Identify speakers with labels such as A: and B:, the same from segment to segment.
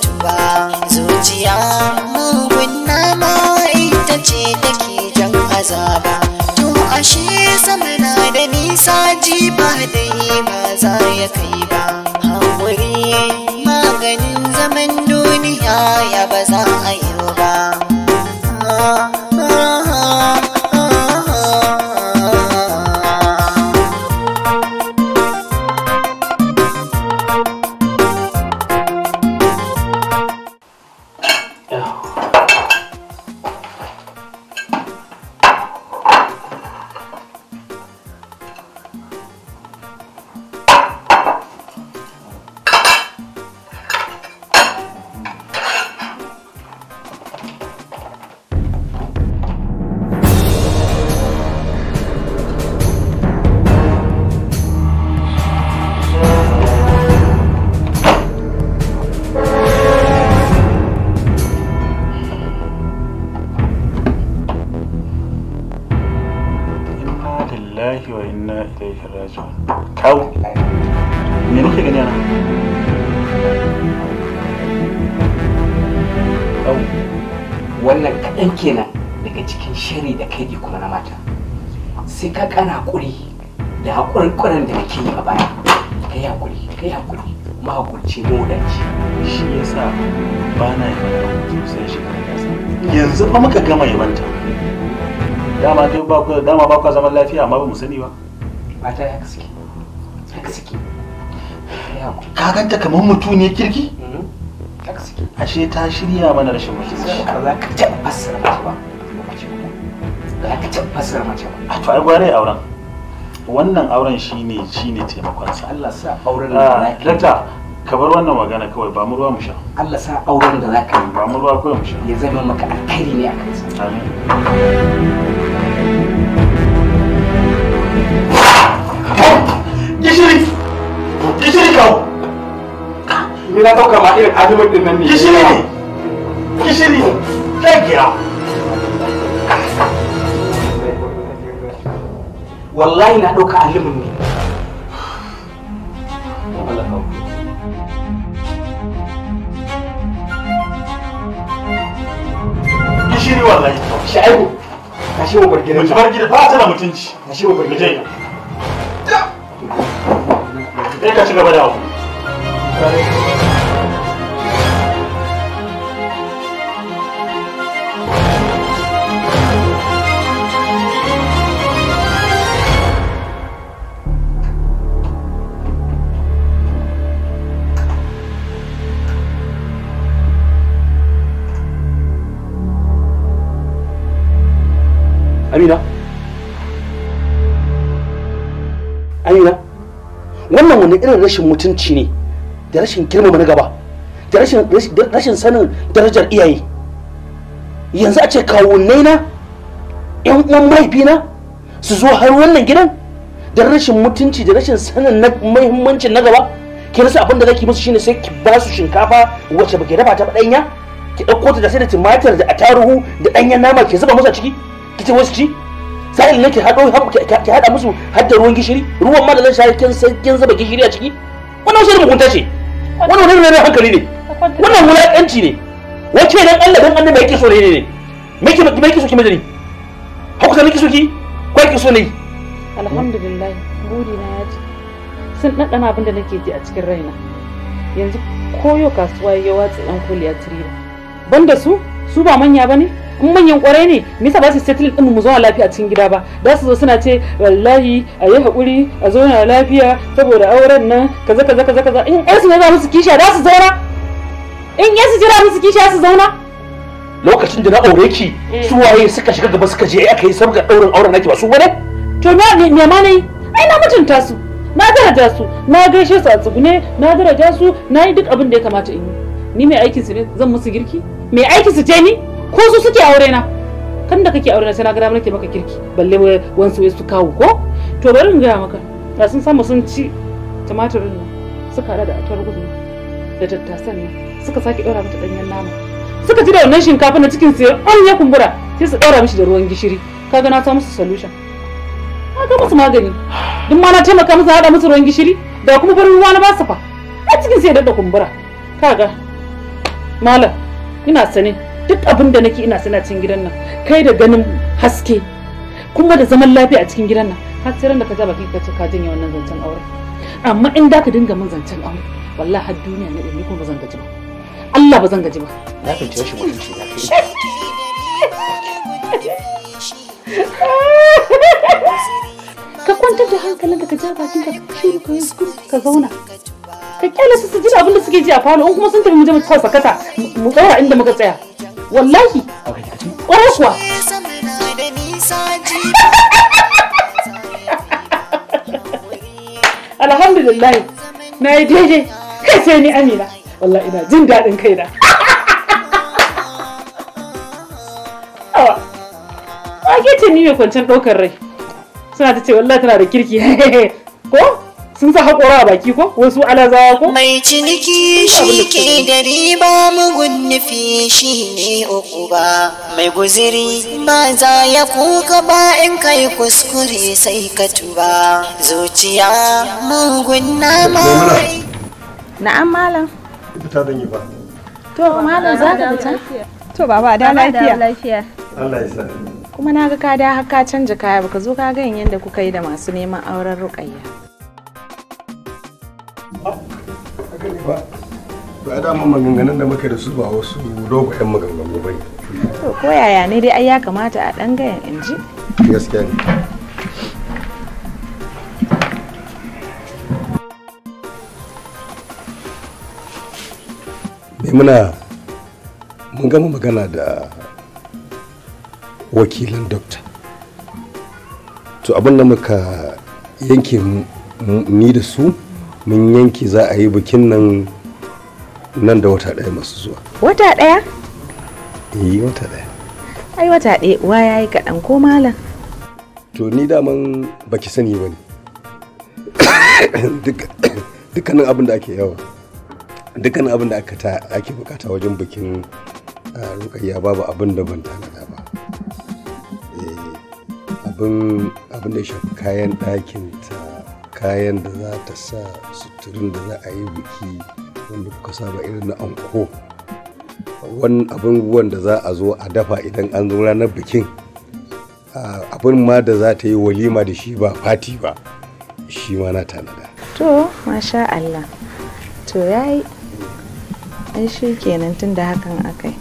A: tuba zuciya mugun nama ita ce take jan azaba to ashe sama na da nisa ji ba ba za ya kai ba haƙuri maganin zaman duniya ya ba za a yi ba ah.
B: sai ka kana hakuri da hakurin da kake yi a baya kai hakuri kai hakuri kuma hakurci mu da
C: shi shi yasa ba na yi mata hutu sai shi yanzu fa muka gama yabanta dama kai ba ku dama ba ku zaman lafiya amma ba mu sani ba ba ta yaka kasike yaka kasike ka ganta kamar mutu ne kirki mm-hmm. ashe ta shirya mana rashin mutunci ba za ka taɓa fassara ba ba ka taɓa mace ba a to ai gware auren wannan auren shine shine taimakon sa Allah sa auren da ah, zaka dakta ka bar wannan magana kawai ba mu ruwa mu sha Allah sa auren da zaka yi ba mu ruwa kawai mu sha ya zama maka alkhairi ne a sa. amin gishiri gishiri kawo ni na dauka ma irin azumin din nan ne gishiri ne gishiri ne kai wallahi na ɗauka alimin ne shiri wallahi shi shi wa bargida mu ba ta da mutunci na. shi wa bargida ya ka ci gaba da
B: amina amina wannan wani irin rashin mutunci ne da rashin girmama na gaba da rashin sanin darajar iyaye yanzu a ce kawunnai na yan uwan na, su zo har wannan gidan da rashin mutunci da rashin sanin muhimmancin na gaba ki rasa abin da zaki musu shine sai ki ba su shinkafa wacce baki dafa ta ba ɗanya ki ɗauko ta da sai da tumatir da taruhu da ɗanyen nama ki zuba musu a ciki kike wasu ci sa'in nake haɗo ki haɗa musu har da ruwan gishiri ruwan ma da zan share kin san kin zuba gishiri a ciki wannan wasu kunta ce
D: wannan wani ne hankali ne wannan wulaƙanci
B: ne wace dan Allah dan annabi yake so ne ne me ki me ki so ki madani haka sanin ki so ki ko ki so ne
D: alhamdulillah buri na ya ci sun dan abin da nake ji a cikin raina yanzu koyo kasuwa ya watsa yan kuliya tirira banda su su ba manya bane in manyan kwarai ne Misa ba su settle din mu zauna lafiya cikin gida ba da su zo suna ce wallahi a yi hakuri a zauna lafiya saboda auren nan kaza kaza kaza kaza in yar su zauna musu kisha da su zauna in yar su jira musu kisha su zauna
B: lokacin da na aure ki eh. su waye suka shiga gaba suka je aka yi sabga daurin auren naki ba su bane
D: to me me ma ne ai na mutunta su na daraja su na gaishe su a tsugune na daraja su na yi duk abin da ya kamata in yi ni mai aikin su ne zan musu girki mai aikin su ce ni ko su suke aure na kan da kake aure na sai na gada nake maka kirki balle wansu su kawo ko to bari in gaya maka da sun samu sun ci tumatirin nan suka hada da atar gudu da tattasan nan suka sake ɗora mata ɗanyen nama suka ji da wannan shinkafa na cikin sai an ya kumbura sai su ɗora mishi da ruwan gishiri kaga na samu musu solution na ga musu magani duk ma na taimaka musu haɗa musu ruwan gishiri da kuma bari ruwa na basu fa a cikin sai da kumbura kaga malam ina sane. duk abin da nake ina sana cikin gidan nan kai da ganin haske kuma da zaman lafiya a cikin gidan nan har sai ran da ka ja baki ka ka janye wannan zancen aure amma in da ka dinga min zancen aure wallahi har duniya ne ni kuma ba zan gaji ba Allah ba zan gaji ba na fahimci rashin mutunci
A: shi ka kwantar da
D: hankalin ka ja bakin ka ne ka su ka zauna ka kyale su su ji abin da suke ji a falo in kuma sun tafi mu je mu kawai sakata mu tsaya inda muka tsaya wallahi ƙwarar kuwa alhamdulillah na yi daidai kai sai ni amina wallahi ina jin daɗin kai kaina a ce ni mai kwancen ɗaukar rai suna ta ce wallahi tana da kirki
A: ko sun sa haƙora a baki ko wasu alazawa ko mai ciniki shi ke da riba mugun nufi shi ne uku ba mai guziri ba za ya kuka ba in kai kuskure sai ka tuba zuciya mugun nama na'am malam
E: fita da ba
F: to malam za ka fita to baba da lafiya Allah ya sa kuma na ga ka da haka canja kaya baka zo ka ga yadda kuka yi da masu neman auren ruƙayya ba
E: dama maganganun da muka da su ba wasu dogayen maganganu ba
F: to ko yaya ne dai ai ya kamata a dan gayan in ji
E: gaskiya ne Maimuna mun gama magana da wakilin dokta to abin da muka yanke ni da su mun yanki za a yi bikin nan nan da wata ɗaya masu zuwa
F: wata ɗaya?
E: yi eh, wata ɗaya
F: ai wata ɗaya uwa ya yi kaɗan ko malam
E: to ni daman baki sani ba ne dukkanin abin da ake yawa dukkanin abin da ake bukata wajen bikin rukayya babu abin da ban tanada ba eh, abin da ya shafi kayan ɗakin ta kayan da za ta sa suturin da za a yi biki wanda kuka saba irin na anko wani abubuwan da za a zo a dafa idan an zo ranar bikin abin ma da za ta yi walima da shi ba fati ba shi ma na tanada
F: to masha Allah to yayi An shi kenan tun da hakan yi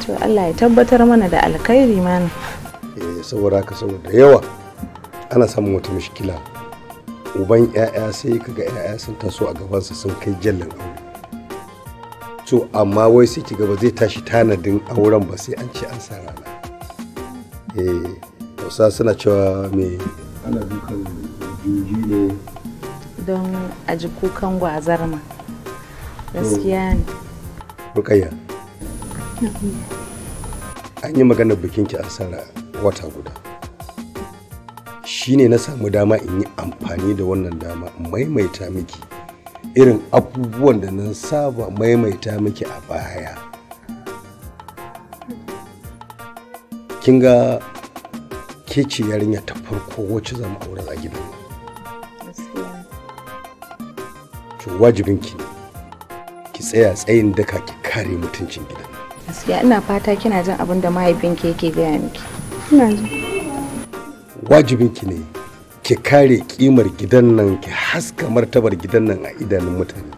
F: to Allah ya tabbatar mana da alkhairi mana
E: eh, saboda ka saboda yawa ana samun wata mashikila. uban 'ya'ya sai kaga 'ya'ya sun taso a gabansa sun kai jallin aure to amma wai sai kiga ba zai tashi tanadin auren ba sai an ce an sa rana eh sa suna cewa me ana dukan juji ne
F: don a ji kukan gwazar ma gaskiya ne
E: rukayya an yi maganar bikinki an sara wata guda shi ne na samu dama in yi amfani da wannan dama maimaita miki irin abubuwan da na saba maimaita miki a baya kin ga ke ce yarinya ta farko wacce zama aure a gidan to wajibinki ne ki tsaya tsayin daka ki kare mutuncin gidan
F: gaskiya ina fata kina jin abin da mahaifinki yake gaya miki ina jin
E: wajibinki ne ki kare kimar gidan nan ki haska martabar gidan nan a idanun mutane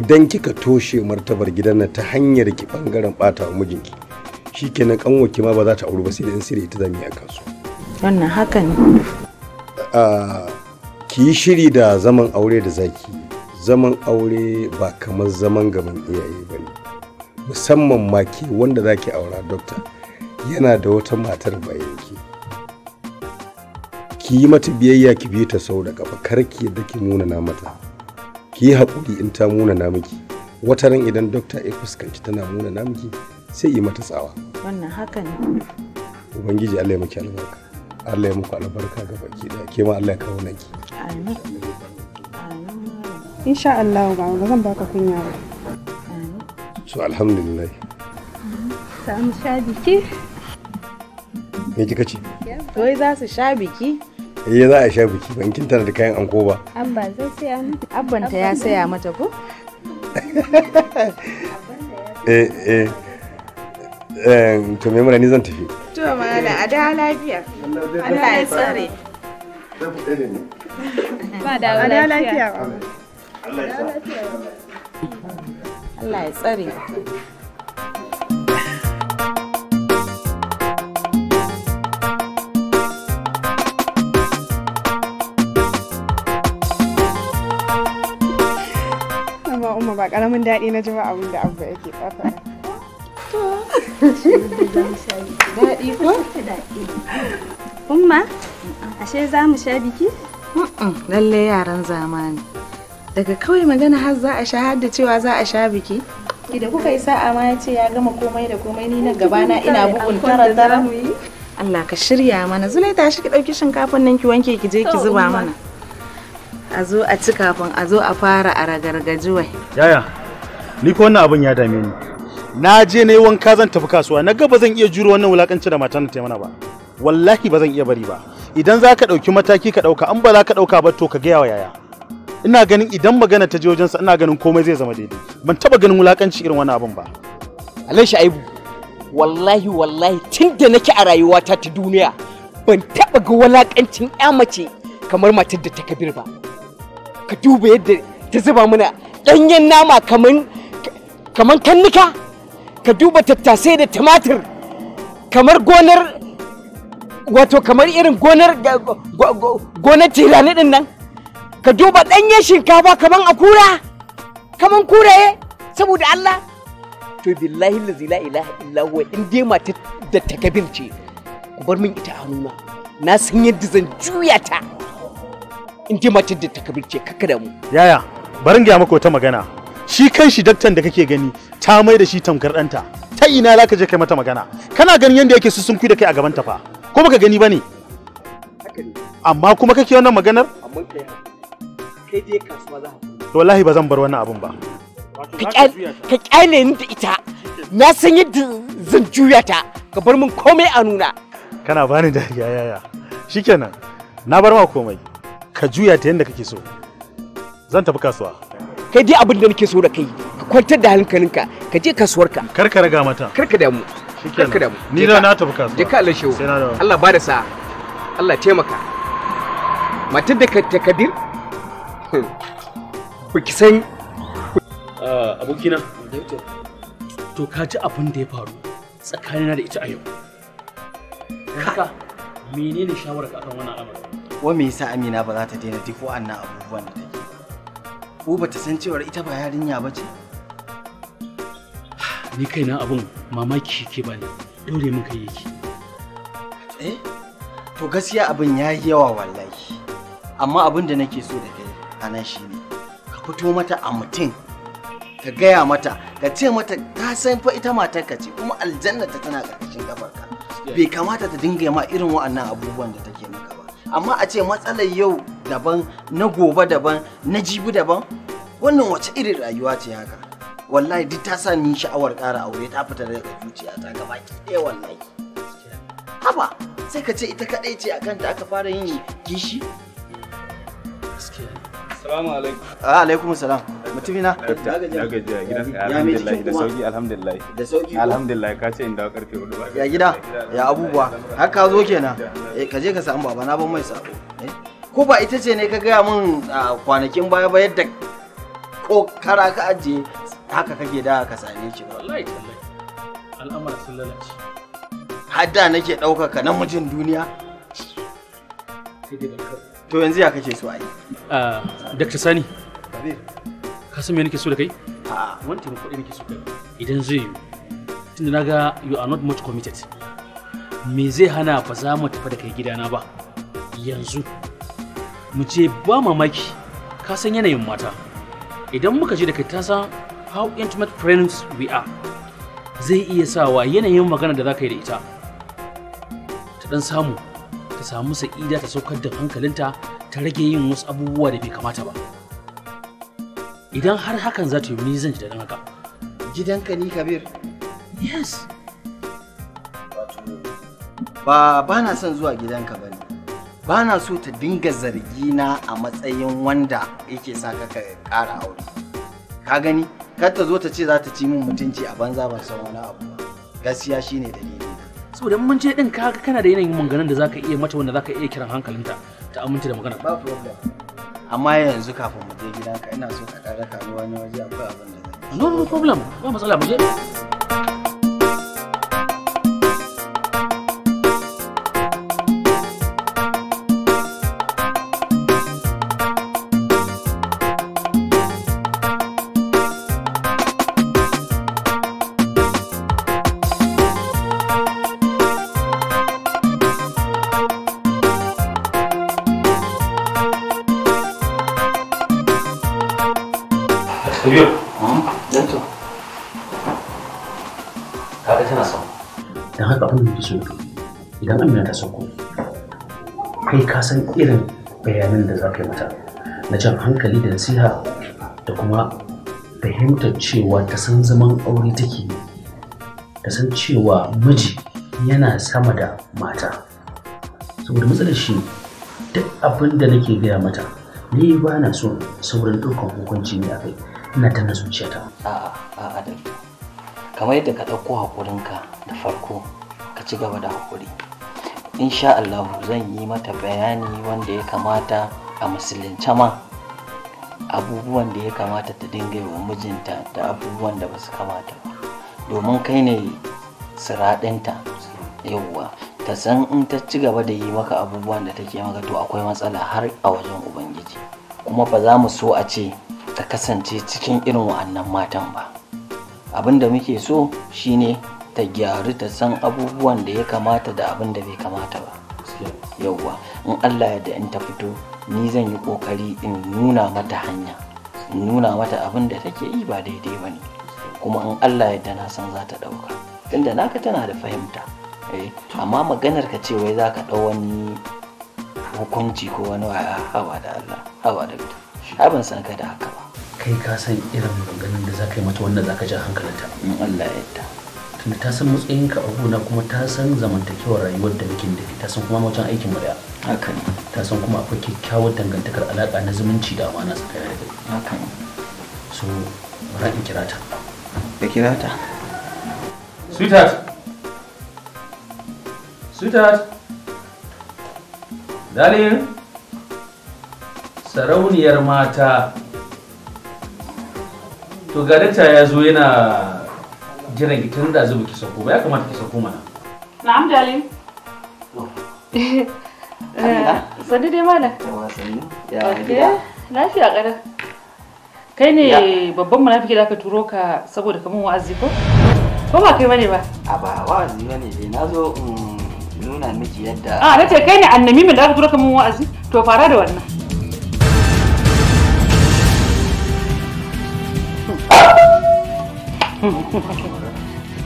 E: idan kika toshe martabar gidan nan ta hanyar ki bangaren bata wa mijinki shikenan kanwoki ma ba za ta auri ba sai da in sirri ta zami a kansu
F: wannan haka ne
E: ki yi shiri da zaman aure da zaki zaman aure ba kamar zaman gaban iyaye ba ne musamman ma ke wanda za ki aura dokta yana da wata matar bayan ki ki yi mata biyayya ki bi ta sau da kafa kar ki yadda ki munana mata ki yi haƙuri in ta munana miki wata ran idan dokta ya fuskanci tana munana miki sai yi mata tsawa
F: wannan haka ne
E: ubangiji Allah ya miki albarka Allah ya muku albarka ga baki da ke ma Allah ya kawo naki
F: amin insha Allah ba ba zan
A: baka kunya ba
E: so alhamdulillah
F: ta amsha biki me kika ce wai za su sha biki
E: eh za a sha biki ban kin da kayan anko ba
F: An ba zan saya mata abban ta ya saya mata ko
E: eh eh Eh to me mura
F: ni zan tafi to mana a da lafiya Allah ya tsare ba da lafiya Allah ya tsare. Allah ya tsare ba karamin daɗi na ji ba abin da abu yake fafa daɗi ko umma ashe za mu sha biki lalle yaran zamani daga kawai magana har za a sha har da cewa za a sha biki Idan da kuka yi sa'a ma ya ce ya gama komai da komai ni na gabana ina bugun tara tara Allah ka shirya mana zulai ta shi ki ɗauki shinkafin nan ki wanke ki je ki zuba mana a zo a ci kafin a zo a fara a wai.
C: yaya ni ko wannan abin ya dame ni na je na yi wanka zan tafi kasuwa na ga ba zan iya juro wannan wulakanci da matan ta mana ba wallahi ba zan iya bari ba idan za ka ɗauki mataki ka ɗauka an ba za ka ɗauka ba to ka gaya wa yaya ina ganin idan magana ta je wajensa ina ganin komai zai zama daidai ban taba ganin wulakanci irin wani abin ba alashi aibu wallahi wallahi tun da nake a rayuwata ta duniya ban taba ga wulakancin ya
B: mace kamar matar da ta kabir ba ka duba yadda ta zuba mana ɗanyen nama kamar kaman kannuka ka duba tattasai da tumatir kamar gonar wato kamar irin gonar gonar tirani din nan ka duba ɗanyen shinkafa kura akura kura kuraye saboda Allah to billahi lazi la ilaha illa huwa in dai mata da takabir ce ku bar min ita a na san yadda zan juya ta
C: in ji macin da takabirce kaka da mu yaya barin gaya maka wata magana shi kan shi daktan da kake gani ta mai da shi tamkar ɗanta ta ina za ka je kai mata magana kana ganin yadda yake su sun da kai a gaban ta fa ko baka gani ba ne amma kuma kake wannan maganar
G: kai dai kasuwa za
C: ka wallahi ba zan bar wannan abun ba
B: ka kyale ni da ita na san yadda zan juya ta ka bar min komai a nuna
C: kana bani dariya yaya shikenan na bar ma komai ka juya ta yadda kake so zan tafi kasuwa kai dai abin da nake so da kai ka kwantar da hankalinka ka je kasuwarka kar ka raga mata kar ka damu kar
B: ka damu ni da na tafi kasuwa je ka Allah shehu Allah ba da sa'a Allah taimaka matar da ka takadir ku hmm. ki san ah, abokina to ka ji abin da ya faru tsakanina da ita a yau haka menene shawara ka kan wannan al'amarin wa
G: me yasa Amina ba za ta daina duk wa'annan abubuwan da take ko ba ta san cewar ita ba
B: yarinya ba ce ni na abin mamaki ke ba ne dore min kai yake
G: eh to gaskiya abin ya yi yawa wallahi amma abin da nake so da kai anan ne, ka fito mata a mutum ka gaya mata ka ce mata ta san fa ita matarka ce kuma aljanna ta tana karkashin gabarka bai kamata ta dinga ma irin wa'annan abubuwan da take nan amma a ce matsalar yau daban na gobe daban na jibi daban wannan wace irin rayuwa ce haka wallahi duk ta sa ni sha'awar kara aure ta fita daga zuciya ta gaba ki ɗaya wallahi haba sai ka ce ita kaɗai ce akan kanta aka fara yin kishi alaikum. Ah alaikum salam. Mutumina. Na gaji a gidan alhamdulillah da sauki alhamdulillah. Da sauki. Alhamdulillah ka ce in dawo karfe hudu ba. Ya gida ya abubuwa har ka zo kenan. Eh ka je ka samu baba na ban mai sako. Eh? Ko ba ita ce ne ka gaya min kwanakin baya ba yadda ko kara ka ajiye haka kake da ka same shi Wallahi
B: tallahi. sun lalace.
G: Hadda nake ɗaukaka namijin duniya. Sai dai To yanzu ya kake so a yi?
B: Ah, Dr. Sani. Ka san me nake so da kai? A wani taimako ɗaya nake so kai. Idan zai Tunda na ga you are not much committed. Me zai hana ba za mu tafi da kai gidana ba? Yanzu. Mu ce ba mamaki ka san yanayin mata. Idan muka je da kai ta san how intimate friends we are. Zai iya sawa yanayin magana da za ka yi da ita. Ta ɗan samu ta samu sa'ida ta saukar da hankalinta ta rage yin wasu abubuwa da bai kamata ba idan har hakan za ta yi ni zan ji daɗin haka gidanka ni kabir yes
G: ba ba na son zuwa gidanka ba ne ba na so ta dinga zargi na a matsayin wanda yake sa ka ƙara aure ka gani kar ta zo ta ce za ta ci min mutunci a banza ba san wani abu gaskiya shine dalili
B: saboda mun je din ka kana da yanayin maganganun da zaka iya mata wanda zaka iya kiran hankalinta ta aminta da magana ba problem amma yanzu kafin mu je gidanka ina so ka ka kawo wani waje akwai abin da no problem ba matsala mu je so idan amina ta sauko kai ka san irin bayanan da za ka yi mata na jan hankali da nasiha da kuma fahimtar cewa ta san zaman aure take ta san cewa miji yana sama da mata saboda matsalar shi duk abin da nake gaya mata ni ba na so saurin ɗaukan hukunci ne a kai ina ta na zuciyata a'a a'a da
G: kamar yadda ka ɗauko haƙurinka da farko ka ci gaba da haƙuri insha Allah zan yi mata bayani wanda ya kamata a musulunce ma abubuwan da ya kamata ta dinga yi wa mijinta da abubuwan da ba su kamata ba domin kai ne siraɗinta yauwa ta san in ta ci gaba da yi maka abubuwan da take maka to akwai matsala har a wajen ubangiji kuma ba za mu so a ce ta kasance cikin irin wa'annan matan ba abin da muke so shine ta gyaru ta san abubuwan da ya kamata da abin da bai kamata ba yauwa in allah da in ta fito ni zan yi kokari in nuna mata hanya in nuna mata abin da take yi ba daidai ba ne kuma in allah yadda na san za ta ɗauka tunda naka tana da fahimta eh, amma maganar ka ce wai za ka ɗau wani hukunci ko wani waya hawa da allah hawa da bita abin san ka da haka ba
B: kai ka san irin maganin da za ka yi mata wanda za ka ja hankalinta in allah yadda tunda ta san matsayinka a gona kuma ta san zamantakewar rayuwar da nake da ta san kuma wajen aikin mu haka ta san kuma akwai kyakkyawar dangantakar alaka na zumunci da amana tsakanin da kai haka so bara in kira ta da kira ta sweetheart sweetheart darling sarauniyar mata to gadata ya zo yana jiran ki tun da zuba ki sako ba ya kamata ki sako mana
D: na'am dalin oh. eh, sani dai mana lafiya ƙarar kai ne babban munafiki da aka turo ka saboda kamun wa'azi ko ko ba kai bane ba a
G: ba wa'azi bane dai na zo nuna miki yadda a ah, na ce
D: kai ne annami mai da aka turo mun wa'azi to fara da wannan ha ha.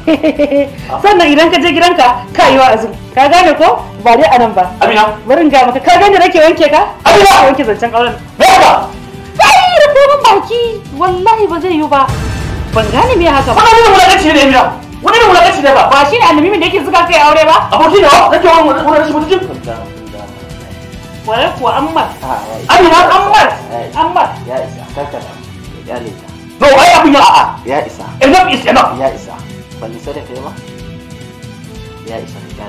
D: sannan idan ka je gidanka ka yi wa azum ka gane ko ba dai anan ba amina bari in ga maka ka gane nake wanke ka amina ka wanke zancen auren ba ba sai rufe min baki wallahi ba zai yi ba ban gane me haka ba wani wulakanci ne amina wani ne wulakanci ne ba ba shi ne annabi da yake zuga kai aure ba aboki ne ba kake wani wulakanci
B: mutum
D: kwarar kuwa ammar amina ah, ammar ammar ya isa karkata ya isa no ai abin ya a'a ya isa enough is enough ya isa ban nisa ba
G: ya isa ka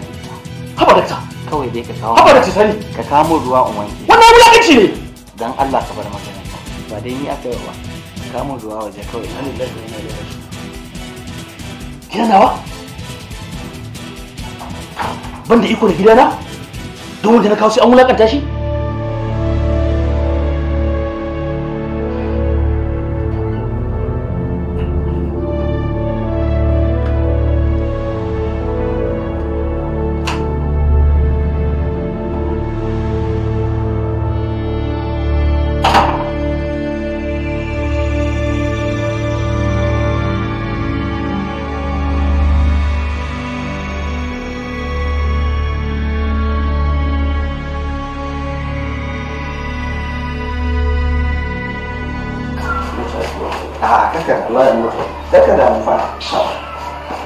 G: ta kawai dai ka kawo ta sani ka ruwa in wanke wannan ne dan Allah ka bar magana ba dai ni aka yi ba ruwa kawai
C: da
B: yana da rashi ban da iko da gidana don wanda na kawo sai an wulakanta shi
G: haka Allah ya mutu daga da mu amfa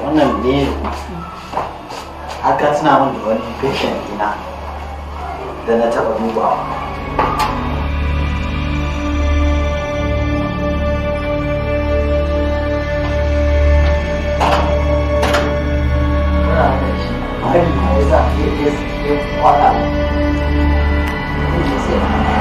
G: wannan ne haka tana mun da wani patient dina da na taba duba
A: Thank you.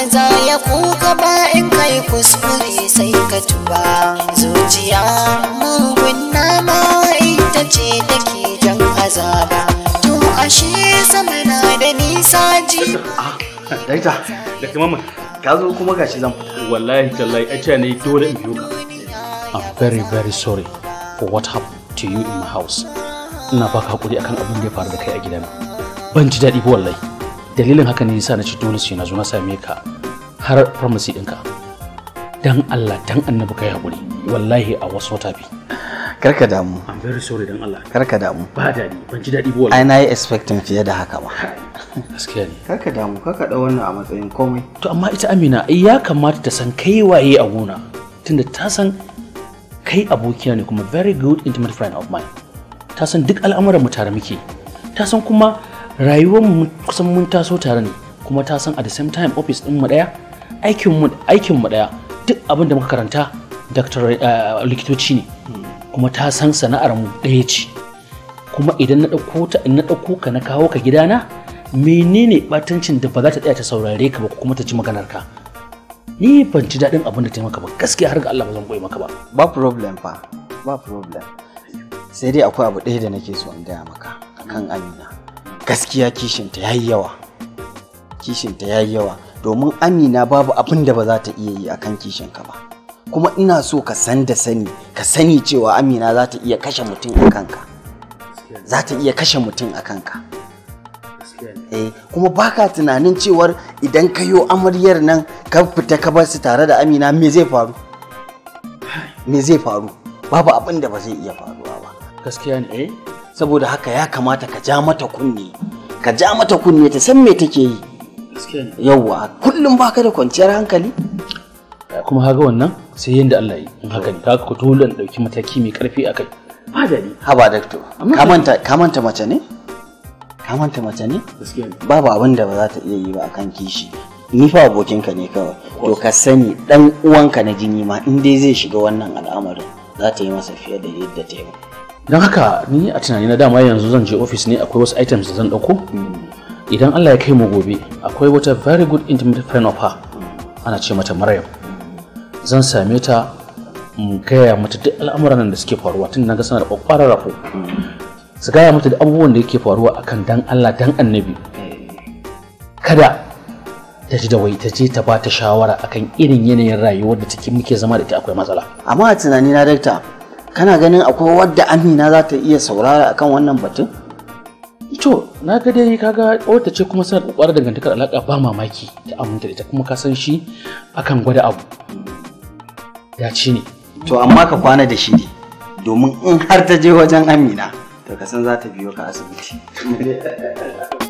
A: kaza ya kuka ba in kai kuskure sai ka tuba zuciya mugun nama ita ce take jan azaba to ashe sama na da nisa ji
B: daita da kuma ka zo kuma gashi zan wallahi tallahi a ce ne dole in biyo ka i'm very very sorry for what happened to you in my house ina baka hakuri akan abin da ya faru da kai a gidana ban ji daɗi ba wallahi dalilin haka ne yasa na ci dole sai na zo na same ka har pharmacy ɗinka dan Allah dan annabi kai hakuri wallahi a wasu wata bi karka damu i'm very sorry dan Allah karka damu ba dadi ban ji dadi ba wallahi ai expecting fiye da haka ba. gaskiya ne karka damu karka da wannan a matsayin komai to amma ita Amina ya kamata ta san kai waye a gona tunda ta san kai abokina ne kuma very good intimate friend of mine ta san duk al'amuran mu tare muke ta san kuma rayuwar mu kusan mun taso tare ne kuma ta san at the same time office din mu daya aikin mu aikin mu daya duk abin da muka karanta doctor eh, likitoci ne kuma ta san sana'ar mu daya ce kuma idan na dauko ta na dauko ka na kawo ka gidana menene batancin da ba za ta tsaya ta saurare ka ba kuma ta ci maganar ka ni ban ci daɗin abin da ta maka ba gaskiya har ga Allah ba zan goyi maka ba ba problem fa
G: ba problem sai dai akwai abu ɗaya da nake so in gaya maka akan Amina gaskiya kishinta ya yi yawa kishinta ya yi yawa domin amina babu abin da ba za ta iya yi a kan kishinka ba kuma ina so ka san da sani ka sani cewa amina za ta iya kashe mutum a kanka za ta iya kashe mutum a kanka eh kuma baka tunanin cewar idan ka yi amaryar nan ka fita ka bar su tare da amina me zai faru me zai faru babu abin da ba zai iya faruwa ba gaskiya ne eh saboda haka ya kamata ka ja mata kunne ka ja
B: mata kunne ta san me take yi yauwa
G: kullum baka da kwanciyar hankali
B: kuma haga wannan sai yadda Allah yi in haka ne kaga ku dole in dauki mataki mai karfi akai ba dali ha ba doctor ka manta ka manta mace ne ka manta mace ne
G: babu abin da ba za ta iya yi ba akan kishi ni fa abokinka ne kawai to ka sani dan uwanka na jini ma in dai zai shiga wannan al'amarin za ta yi masa fiye da yadda ta
B: yi don haka ni a tunani na dama yanzu zan je ofis ne akwai wasu items da zan ɗauko idan Allah ya kai mu gobe akwai wata very good intimate friend of her ana ce mata Maryam zan same ta in gaya mata duk al'amuran da suke faruwa tun na ga sanar kwakwarar rafo su gaya mata da abubuwan da yake faruwa akan dan Allah dan annabi kada ta ji da wai ta je ta ba ta shawara akan irin yanayin rayuwar da take muke zama da ita akwai matsala
G: amma a tunani na dakta
B: kana ganin akwai
G: wadda amina za ta iya saurara akan wannan batun
B: to na ga dai kaga wata ce kuma suna kokarin dangantakar alaka ba mamaki ta aminta ita kuma ka san shi akan gwada abu ya ci ne to amma ka kwana da shi ne domin in
G: har ta je wajen amina to ka san za ta biyo ka asibiti